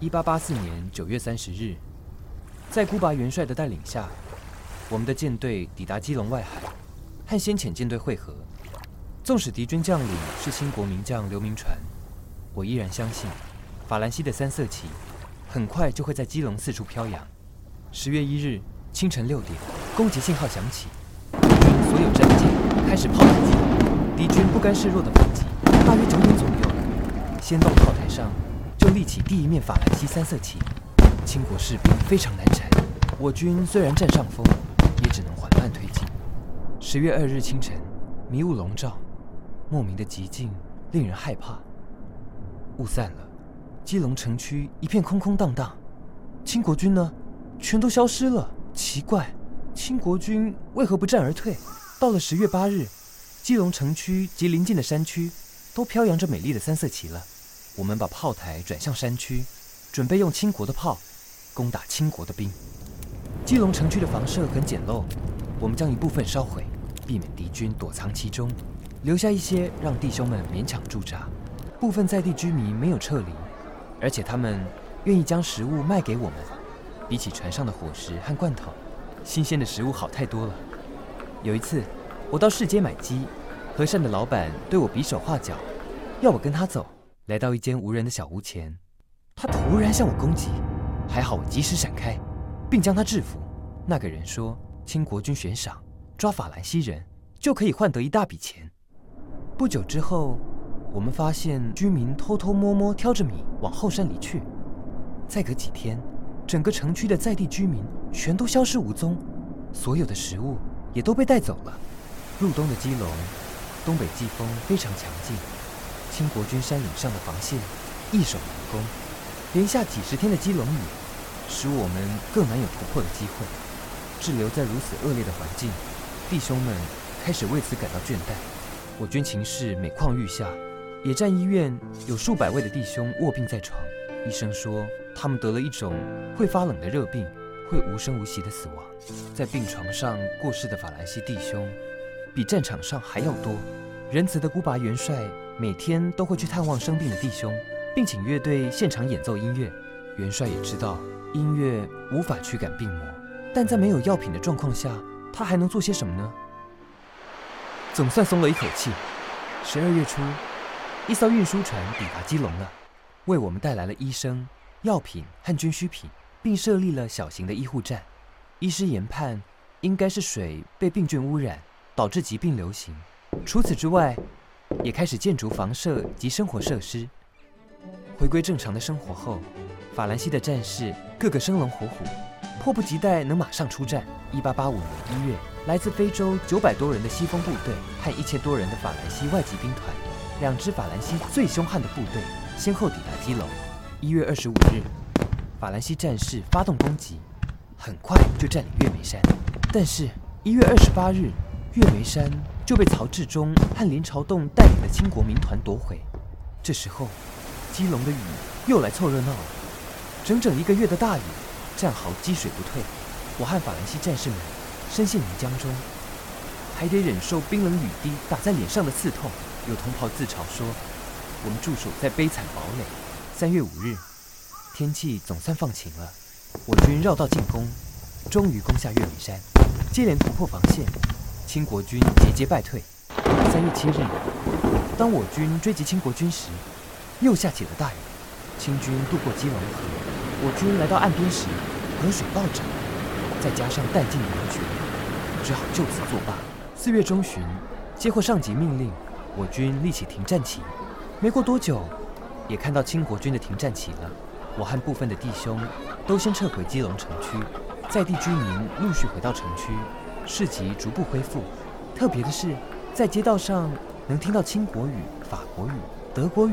一八八四年九月三十日，在孤拔元帥的帶領下，我們的艦隊抵達基隆外海，和先遣艦隊會合。縱使敵軍將領是清國名將劉銘傳，我依然相信，法蘭西的三色旗很快就會在基隆四處飄揚。十月一日清晨六點，攻擊信號響起，敵軍所有戰艦開始炮擊，敵軍不甘示弱的反擊。大約九點左右，仙洞炮台上，立起第一面法蘭西三色旗，清國士兵非常難纏，我軍雖然佔上風，也只能緩慢推進。十月二日清晨，迷霧籠罩，莫名的寂靜令人害怕。霧散了，基隆城區一片空空蕩蕩，清國軍呢？全都消失了。奇怪，清國軍為何不戰而退？到了十月八日，基隆城區及鄰近的山區都飄揚着美麗的三色旗了。我們把炮台轉向山區，準備用清國的炮攻打清國的兵。基隆城區的房舍很簡陋，我們將一部分燒毀，避免敵軍躲藏其中，留下一些讓弟兄們勉強駐紮。部分在地居民沒有撤離，而且他們願意將食物賣給我們。比起船上的伙食和罐頭，新鮮的食物好太多了。有一次，我到市街買雞，和善的老板對我比手畫腳，要我跟他走。來到一間無人的小屋前，他突然向我攻擊，還好我及時閃開，並將他制服。那個人說：“清國軍懸賞抓法蘭西人，就可以換得一大筆錢。”不久之後，我們發現居民偷偷摸摸挑着米往後山離去。再隔幾天，整個城區的在地居民全都消失無蹤，所有的食物也都被帶走了。入冬的基隆，東北季風非常強勁。清國軍山嶺上的防線，易守難攻。連下幾十天的基隆雨，使我們更難有突破的機會。滯留在如此惡劣的環境，弟兄們開始為此感到倦怠。我軍情勢每況愈下，野戰醫院有數百位的弟兄臥病在床，醫生說他們得了一種會發冷的熱病，會無聲無息地死亡。在病床上過世的法蘭西弟兄，比戰場上還要多。仁慈的孤拔元帥，每天都會去探望生病的弟兄，並請樂隊現場演奏音樂。元帥也知道音樂無法驅趕病魔，但在沒有藥品的狀況下，他還能做些什麼呢？總算鬆了一口氣。十二月初，一艘運輸船抵達基隆了，為我們帶來了醫生、藥品和軍需品，並設立了小型的醫護站。醫師研判應該是水被病菌污染，導致疾病流行。除此之外。也開始建築房舍及生活設施。回歸正常的生活後，法蘭西的戰士個個生龍活虎，迫不及待能馬上出戰。1885年1月，來自非洲九百多人的西風部隊和一千多人的法蘭西外籍兵團，兩支法蘭西最凶悍的部隊先後抵達基隆。1月25日，法蘭西戰士發動攻擊，很快就占領月眉山。但是1月28日，月眉山。就被曹志忠和林朝棟帶領的清國民團奪回。這時候，基隆的雨又來湊熱鬧了。整整一個月的大雨，戰壕積水不退，我和法蘭西戰士們深陷泥漿中，還得忍受冰冷雨滴打在臉上的刺痛。有同袍自嘲說：“我們駐守在悲慘堡壘。”三月五日，天氣總算放晴了，我軍繞道進攻，終於攻下月眉山，接連突破防線。清國軍節節敗退。三月七日，當我軍追擊清國軍時，又下起了大雨，清軍渡過基隆河，我軍來到岸邊時，河水暴漲，再加上彈盡糧絕，只好就此作罷。四月中旬，接獲上級命令，我軍立起停戰旗。沒過多久，也看到清國軍的停戰旗了。我和部分的弟兄都先撤回基隆城區，在地居民陸續，續回到城區。市集逐步恢復。特別的是，在街道上能聽到清國語、法國語、德國語、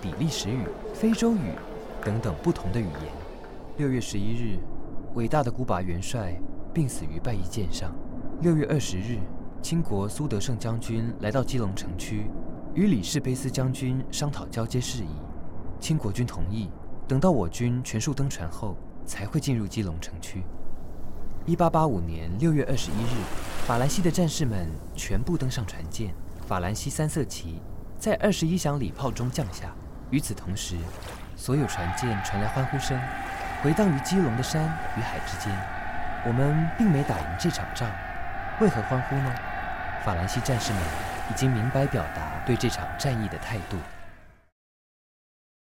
比利時語、非洲語等等不同的語言。六月十一日，偉大的孤拔元帥病死於拜伊艦上。六月二十日，清國蘇德勝將軍來到基隆城區，與李士卑斯將軍商討交接事宜。清國軍同意，等到我軍全數登船後，才會進入基隆城區。一八八五年六月二十一日，法蘭西的戰士們全部登上船艦，法蘭西三色旗在二十一響禮炮中降下。與此同時，所有船艦傳來歡呼聲，回盪於基隆的山與海之間。我們並沒打贏這場仗，為何歡呼呢？法蘭西戰士們已經明白表達對這場戰役的態度。